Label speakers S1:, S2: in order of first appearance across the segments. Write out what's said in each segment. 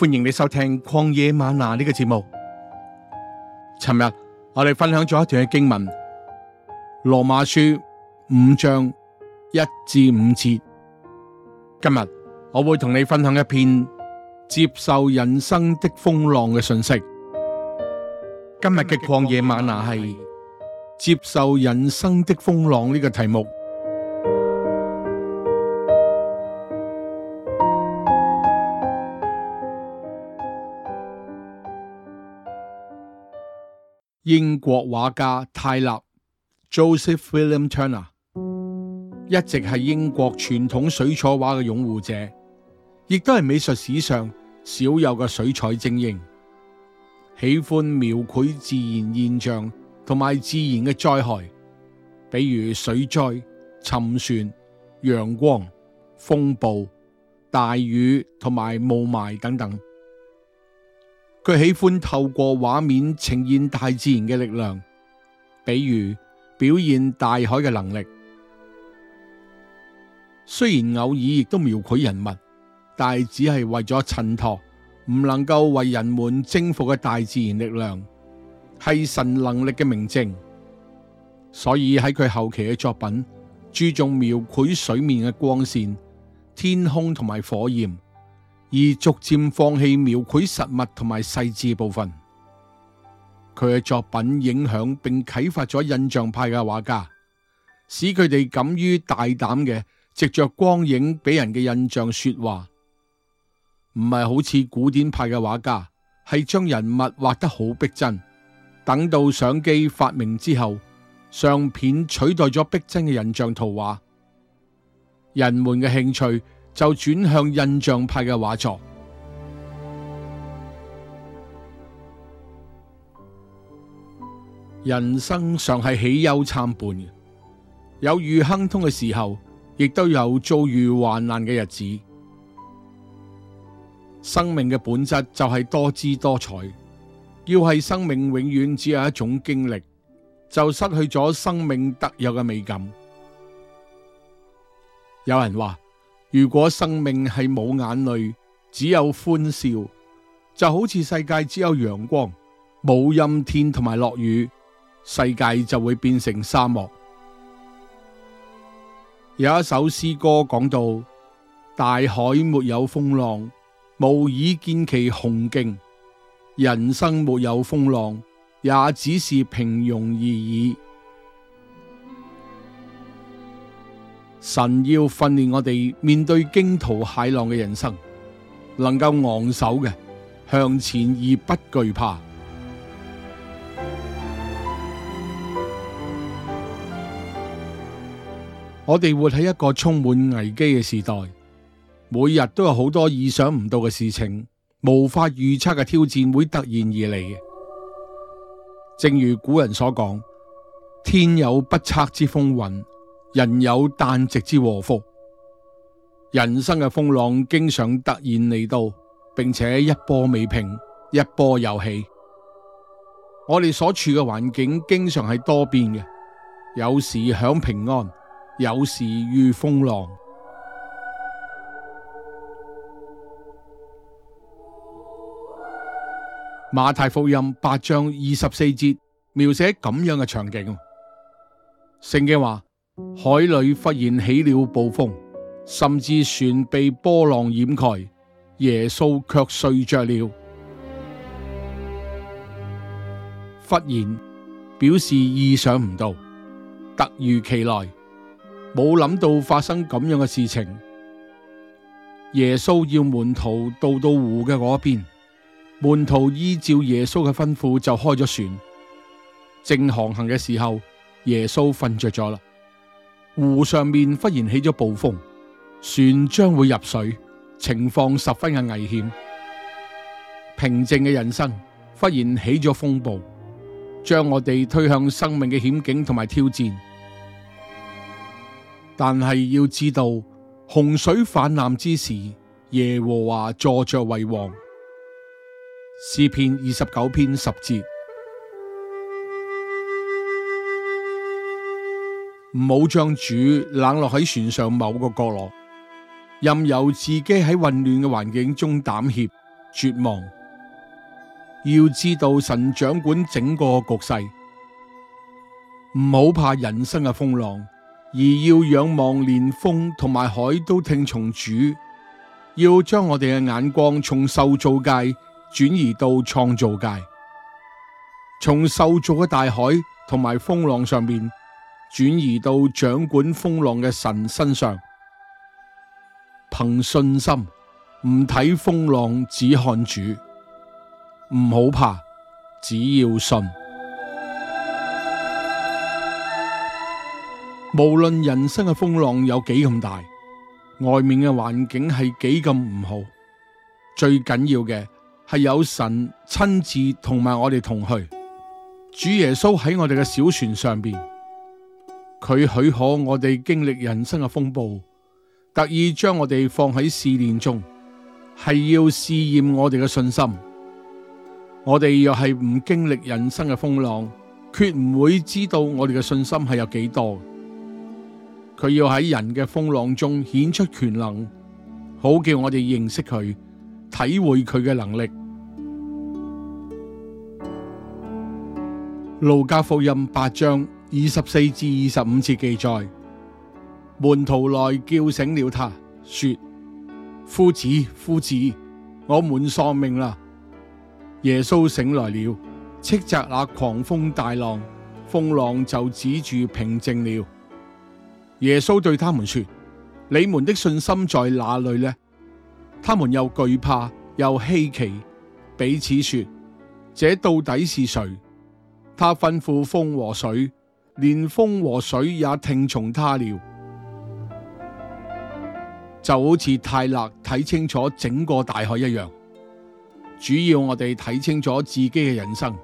S1: 歡迎你收聽曠野嗎哪呢個節目。尋日我哋分享咗一段嘅經文《羅馬書》五章一至五節。今日我會同你分享一篇接受人生的風浪嘅信息。今日嘅曠野嗎哪係接受人生的風浪呢個題目。英國畫家泰納 Joseph William Turner 一直係英國傳統水彩畫嘅擁護者，亦都係美術史上少有嘅水彩精英，喜歡描繪自然現象同埋自然嘅災害，比如水災、沉船、陽光、風暴、大雨同埋霧霾等等。佢喜歡透過畫面呈現大自然嘅力量，比如表現大海嘅能力。雖然偶爾亦都描繪人物，但係只係為咗襯托，唔能夠為人們征服嘅大自然力量，係神能力嘅明證。所以喺佢後期嘅作品，注重描繪水面嘅光線、天空同埋火焰。而逐漸放棄描繪實物同埋細致的部分，佢嘅作品影響並啟發咗印象派嘅畫家，使佢哋敢於大膽嘅藉着光影俾人嘅印象說話，唔係好似古典派嘅畫家，係將人物畫得好逼真。等到相機發明之後，相片取代咗逼真嘅印象圖畫，人們嘅興趣，就轉向印象派嘅畫作。人生常係喜憂參半嘅，有遇亨通嘅時候，亦都有遭遇患難嘅日子。生命嘅本質就係多姿多彩。要係生命永遠只有一種經歷，就失去咗生命特有嘅美感。有人話。如果生命係冇眼淚，只有歡笑，就好似世界只有陽光，冇陰天同埋落雨，世界就會變成沙漠。有一首詩歌講到：大海沒有風浪，無以見其雄勁；人生沒有風浪，也只是平庸而已。神要訓練我哋面對驚濤駭浪嘅人生，能夠昂首嘅向前而不懼怕。 我哋活喺一個充滿危機嘅時代，每日都有好多意想唔到嘅事情，無法預測嘅挑戰會突然而嚟嘅。正如古人所講：天有不測之風雲。人有旦夕之禍福，人生嘅風浪經常突然嚟到，並且一波未平，一波又起。我哋所處嘅環境經常係多變嘅，有時享平安，有時遇風浪。馬太福音八章二十四節描寫咁樣嘅場景，聖經話。海裏忽然起了暴風，甚至船被波浪掩蓋，耶穌卻睡着了。忽然表示意想唔到，突如其來，冇諗到發生咁樣嘅事情。耶穌要門徒到到湖嘅嗰邊，門徒依照耶穌嘅吩咐就開咗船，正航行嘅時候，耶穌瞓着咗啦。湖上面忽然起咗暴風，船將會入水，情況十分嘅危險。平靜嘅人生忽然起咗風暴，將我哋推向生命嘅險境同埋挑戰。但係要知道，洪水泛濫之時，耶和華坐着為王。詩篇二十九篇十節。唔好將主冷落喺船上某個角落，任由自己喺混亂嘅環境中膽怯、絕望。要知道，神掌管整個局勢，唔好怕人生嘅風浪，而要仰望連風同埋海都聽從主。要將我哋嘅眼光從受造界轉移到創造界，從受造嘅大海同埋風浪上面。轉移到掌管風浪嘅神身上，憑信心唔睇風浪，只看主，唔好怕，只要信。無論人生嘅風浪有幾咁大，外面嘅環境係幾咁唔好，最緊要嘅係有神親自同埋我哋同去。主耶穌喺我哋嘅小船上面。佢許可我哋經歷人生嘅風暴，特意將我哋放喺試煉中，係要試驗我哋嘅信心。我哋又係唔經歷人生嘅風浪，決唔會知道我哋嘅信心係有幾多。佢要喺人嘅風浪中顯出權能，好叫我哋認識佢，體會佢嘅能力。路加福音八章。二十四至二十五節記載，門徒來叫醒了他，說：夫子，夫子，我們喪命啦！耶穌醒來了，斥責那狂風大浪，風浪就止住平靜了。耶穌對他們說：你們的信心在哪裡呢？他們又懼怕又希奇，彼此說：這到底是誰？他吩咐風和水。連風和水也聽從他了，就好似泰勒睇清楚整個大海一樣。主要我哋睇清楚自己嘅人生，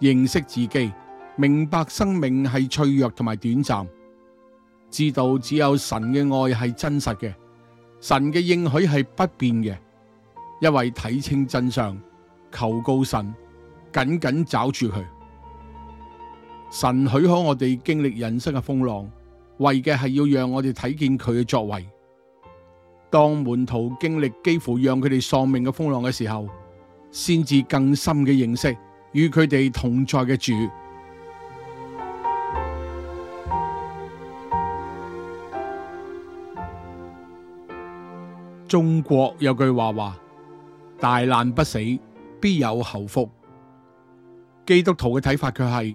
S1: 認識自己，明白生命係脆弱同埋短暫，知道只有神嘅愛係真實嘅，神嘅應許係不變嘅，因為睇清真相，求告神，緊緊抓住佢。神許可我哋經歷人生嘅風浪，為嘅係要讓我哋睇見佢嘅作為。當門徒經歷幾乎讓佢哋喪命嘅風浪嘅時候，先至更深嘅認識與佢哋同在嘅主。中國有句話話：大難不死，必有後福。基督徒嘅睇法卻係。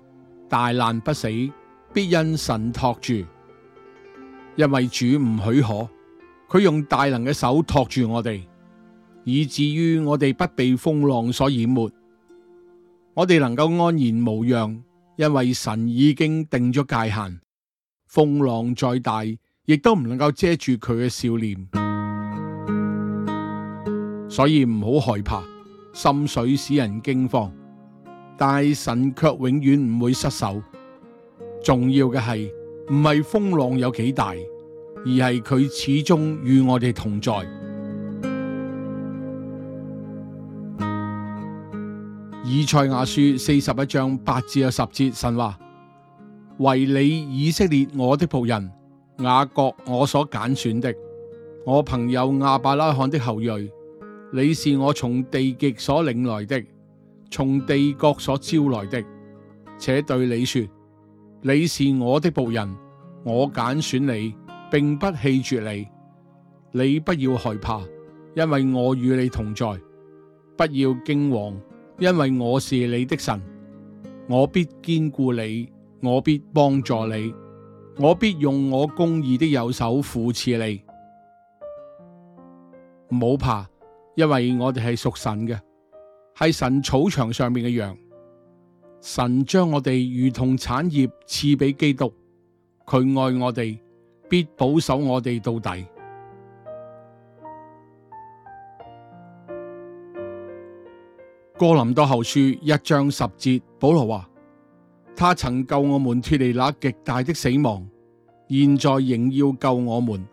S1: 大難不死，必因神托住，因為主唔許可，佢用大能嘅手托住我哋，以至於我哋不被風浪所淹沒，我哋能夠安然無恙，因為神已經定咗界限，風浪再大，亦都唔能夠遮住佢嘅笑臉，所以唔好害怕，深水使人驚慌。但係神卻永遠唔會失手。重要嘅係唔係風浪有幾大，而係佢始終與我哋同在。 以賽亞書四十一章八至十節，神話：為你以色列我的僕人，雅各我所揀選選的，我朋友亞伯拉罕的後裔，你是我從地極所領來的。從地國所招來的，且對你說：你是我的僕人，我揀選你，並不棄絕你。你不要害怕，因為我與你同在；不要驚惶，因為我是你的神。我必堅固你，我必幫助你，我必用我公義的右手扶持你。唔好怕，因為我哋係屬神嘅。係神草場上面嘅羊，神將我哋如同產業賜俾基督，佢愛我哋，必保守我哋到底。哥林多後書一章十節，保羅話：他曾救我們脱離那極大的死亡，現在仍要救我們，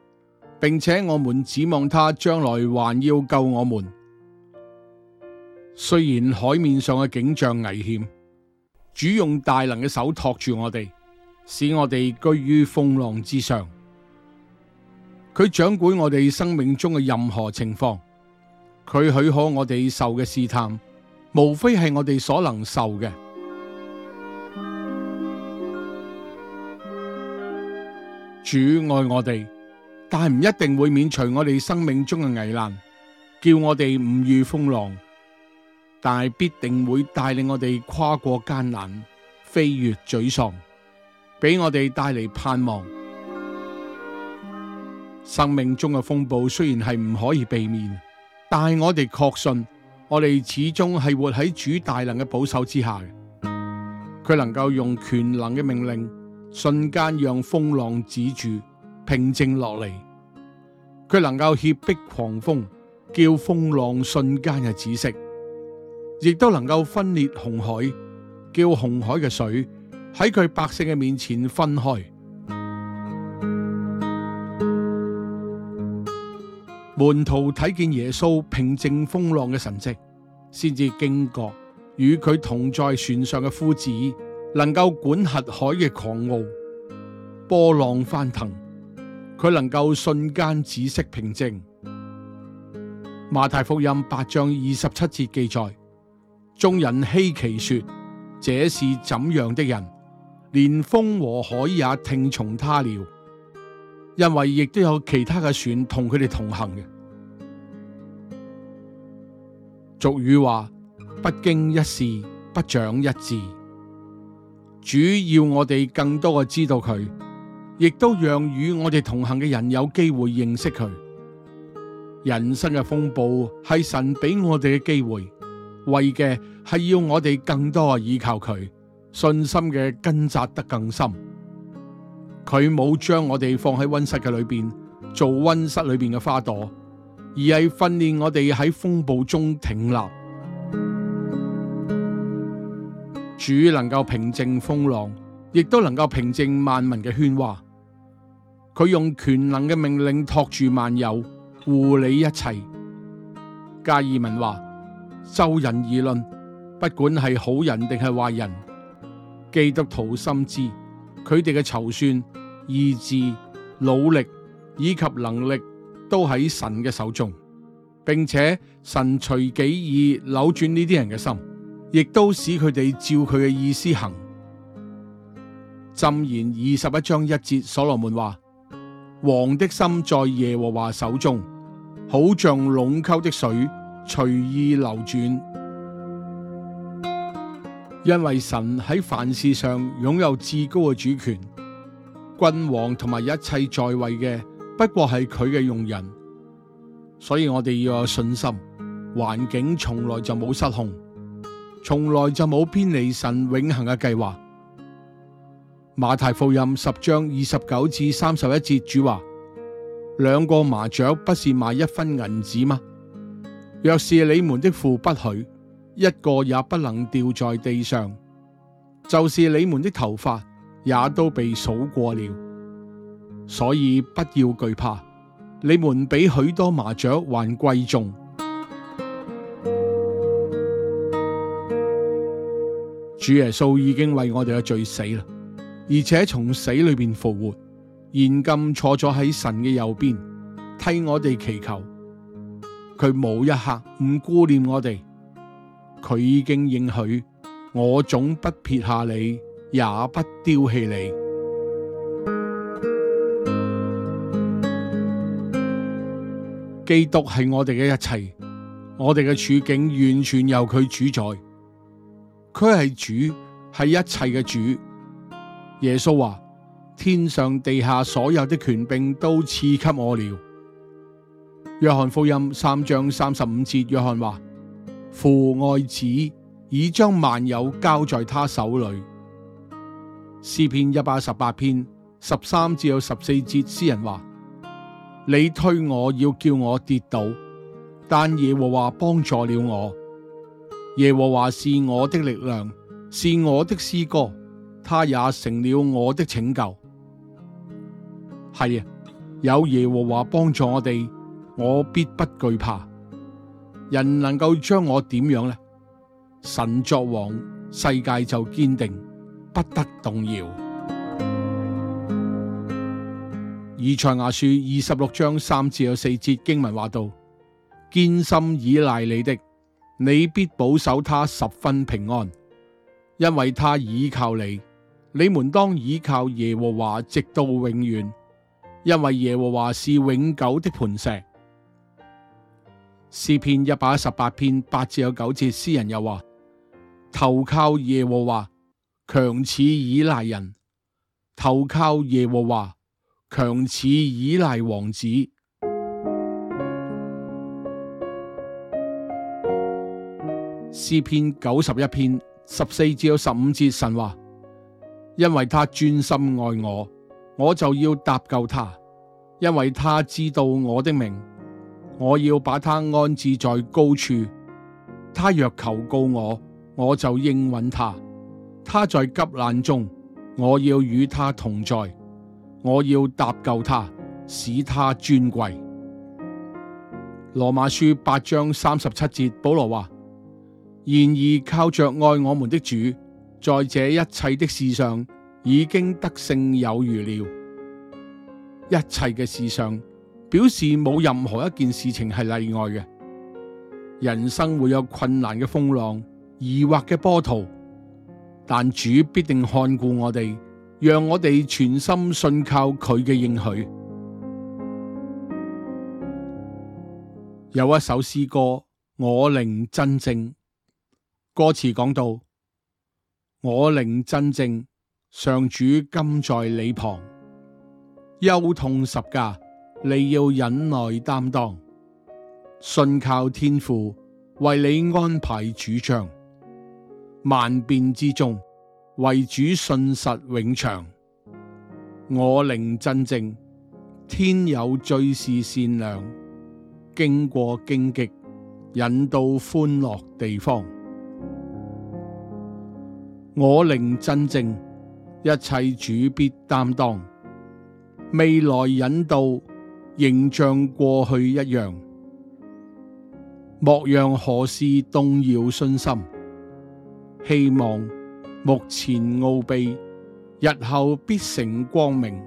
S1: 並且我們指望他將來還要救我們。雖然海面上嘅景象危險，主用大能嘅手托住我哋，使我哋居於風浪之上。佢掌管我哋生命中嘅任何情況，佢許可我哋受嘅試探，無非係我哋所能受嘅。主愛我哋，但係唔一定會免除我哋生命中嘅危難，叫我哋唔遇風浪。但係必定會帶領我哋跨過艱難，飛越沮喪，俾我哋帶嚟盼望。生命中嘅風暴雖然係唔可以避免，但係我哋確信，我哋始終係活喺主大能嘅保守之下。佢能夠用權能嘅命令，瞬間讓風浪止住，平靜落嚟。佢能夠脅迫狂風，叫風浪瞬間嘅止息。亦都能夠分裂紅海，叫紅海嘅水喺佢百姓嘅面前分開。門徒睇見耶穌平靜風浪嘅神蹟，先至驚覺與佢同在船上嘅夫子能夠管轄海嘅狂傲波浪翻騰，佢能夠瞬間紫色平靜。馬太福音八章二十七節記載。眾人希奇說：這是怎樣的人，連風和海也聽從他了。因為亦都有其他嘅船同佢哋同行嘅。俗語話：不經一事，不長一智。主要我哋更多嘅知道佢，亦都讓與我哋同行嘅人有機會認識佢。人生嘅風暴係神俾我哋嘅機會。為嘅係要我哋更多依靠佢，信心嘅根扎得更深。佢冇將我哋放喺溫室嘅裏邊做溫室裏邊嘅花朵，而係訓練我哋喺風暴中挺立。主能夠平靜風浪，亦都能夠平靜萬民嘅喧嘩。佢用權能嘅命令托住萬有，護理一切。加爾文話。就人而論，不管係好人定係壞人，基督徒心知，佢哋嘅籌算、意志、努力以及能力都喺神嘅手中，並且神隨己意扭轉呢啲人嘅心，亦都使佢哋照佢嘅意思行。箴言二十一章一節，所羅門話：王的心在耶和華手中，好像隴溝的水。隨意流轉，因為神喺凡事上擁有至高嘅主權，君王同埋一切在位嘅不過係佢嘅用人，所以我哋要有信心。環境從來就冇失控，從來就冇偏離神永恆嘅計劃。馬太福音十章二十九至三十一節，主話：兩個麻雀不是賣一分銀紙嗎？若是你們的父不許，一個也不能掉在地上；就是你們的頭髮也都被數過了。所以不要懼怕，你們比許多麻雀還貴重。主耶穌已經為我哋嘅罪死了，而且從死裏邊復活，現今坐咗喺神嘅右邊，替我哋祈求。佢冇一刻唔顧念我哋，佢已經應許我，總不撇下你，也不丟棄你。基督係我哋嘅一切，我哋嘅處境完全由佢主宰。佢係主，係一切嘅主。耶穌話：天上地下所有的權柄都賜給我了。約翰福音三章三十五節，約翰話父愛子，已將萬有交在他手裏。詩篇一百一十八篇十三至有十四節，詩人話：你推我要叫我跌倒，但耶和華幫助了我。耶和華是我的力量，是我的詩歌，他也成了我的拯救。係啊，有耶和華幫助我哋。我必不懼怕，人能夠將我點樣呢？神作王，世界就堅定，不得動搖。以賽亞書二十六章三至有四節經文話道：「堅心倚賴你的，你必保守他十分平安，因為他倚靠你。」你們當倚靠耶和華，直到永遠，因為耶和華是永久的磐石。詩篇一百一十八篇八至九節，詩人又話：投靠耶和華，強似倚賴人；投靠耶和華，強似倚賴王子。詩篇九十一篇十四至十五節，神話：因為他專心愛我，我就要搭救他；因為他知道我的名。我要把他安置在高處，他若求告我，我就應允他。他在急難中，我要與他同在，我要搭救他，使他尊貴。羅馬書八章三十七節，保羅話：然而靠着愛我們的主，在這一切的事上，已經得勝有餘了。一切嘅事上。表示冇任何一件事情係例外嘅，人生會有困難嘅風浪、疑惑嘅波濤，但主必定看顧我哋，讓我哋全心信靠佢嘅應許。 有一首詩歌《我靈鎮靜》，歌詞講到：我靈鎮靜，上主今在你旁，憂痛十架。你要忍耐擔當，信靠天父為你安排主張。萬變之中，為主信實永長。我靈真正，天有最是善良。經過荊棘，引到歡樂地方。我靈真正，一切主必擔當，未來引導。仍像過去一樣，莫讓何事動搖信心。希望目前奧秘，日後必成光明。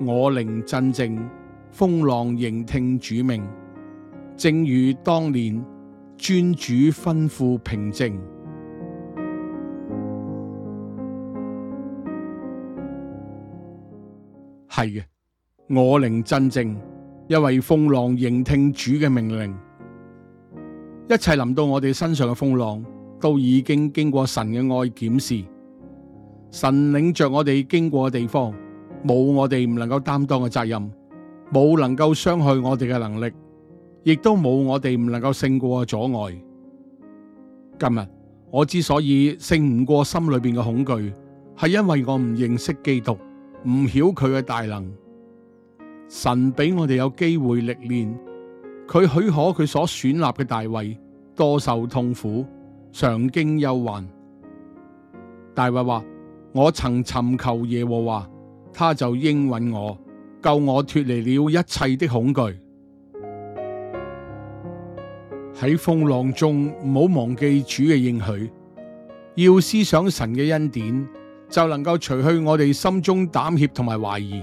S1: 我靈鎮靜，風浪仍聽主命，正如當年尊主吩咐平靜。係嘅。我靈鎮靜，因為風浪仍聽主嘅命令。一切臨到我哋身上嘅風浪，都已經經過神嘅愛檢視。神領着我哋經過嘅地方，冇我哋唔能夠擔當嘅責任，冇能夠傷害我哋嘅能力，亦都冇我哋唔能夠勝過嘅阻礙。今日我之所以勝唔過心裏邊嘅恐懼，係因為我唔認識基督，唔曉佢嘅大能。神俾我哋有機會歷練，佢許可佢所選立嘅大衛多受痛苦，常經憂患。大衛話：我曾尋求耶和華，他就應允我，救我脱離了一切的恐懼。喺風浪中，唔好忘記主嘅應許，要思想神嘅恩典，就能夠除去我哋心中膽怯同埋懷疑。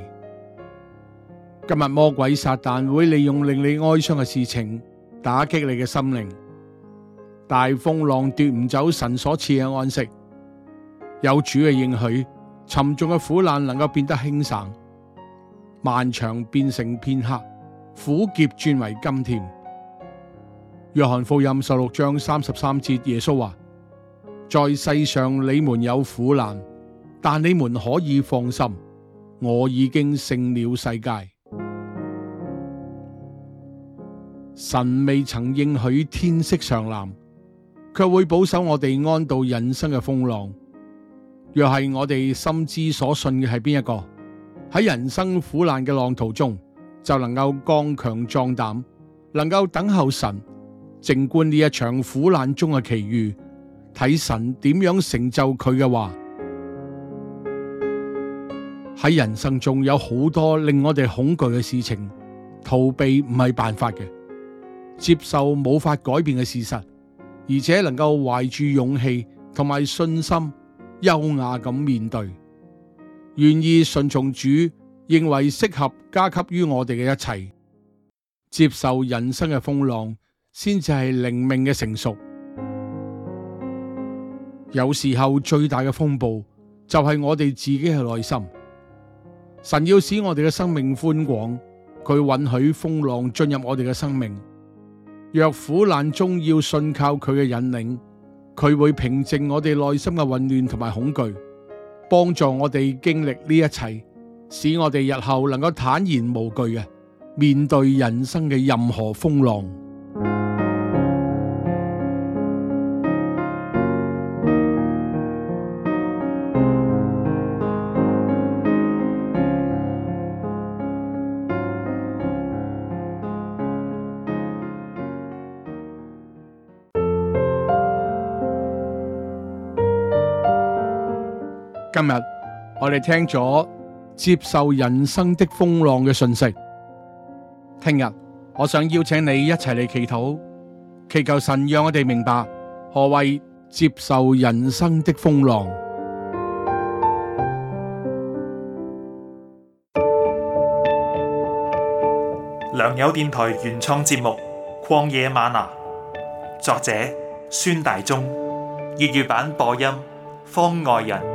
S1: 今日魔鬼撒旦會利用令你哀傷嘅事情打擊你嘅心靈。大風浪奪唔走神所賜嘅安息，有主嘅應許，沉重嘅苦難能夠變得輕省，漫長變成片刻，苦澀轉為甘甜。約翰福音十六章三十三節，耶穌話：在世上你們有苦難，但你們可以放心，我已經勝了世界。神未曾應許天色常藍，卻會保守我哋安度人生嘅風浪。若係我哋深知所信嘅係邊一個，喺人生苦難嘅浪途中，就能夠剛強壯膽，能夠等候神，靜觀呢一場苦難中嘅奇遇，睇神點樣成就佢嘅話。喺人生中有好多令我哋恐懼嘅事情，逃避唔係辦法嘅。接受冇法改變嘅事實，而且能夠懷住勇氣同埋信心，優雅咁面對，願意順從主認為適合加給於我哋嘅一切，接受人生嘅風浪，先至係靈命嘅成熟。有時候最大嘅風暴就係我哋自己嘅內心。神要使我哋嘅生命寬廣，佢允許風浪進入我哋嘅生命。若苦難中要信靠佢嘅引領，佢會平靜我哋內心嘅混亂同埋恐懼，幫助我哋經歷呢一切，使我哋日後能夠坦然無懼嘅面對人生嘅任何風浪。今日我哋聽咗接受人生的風浪嘅訊息，聽日我想邀請你一齊嚟祈禱，祈求神讓我哋明白何謂接受人生的風浪。良友電台原創節目《曠野嗎哪》，作者孫大中，粵語版播音方外人。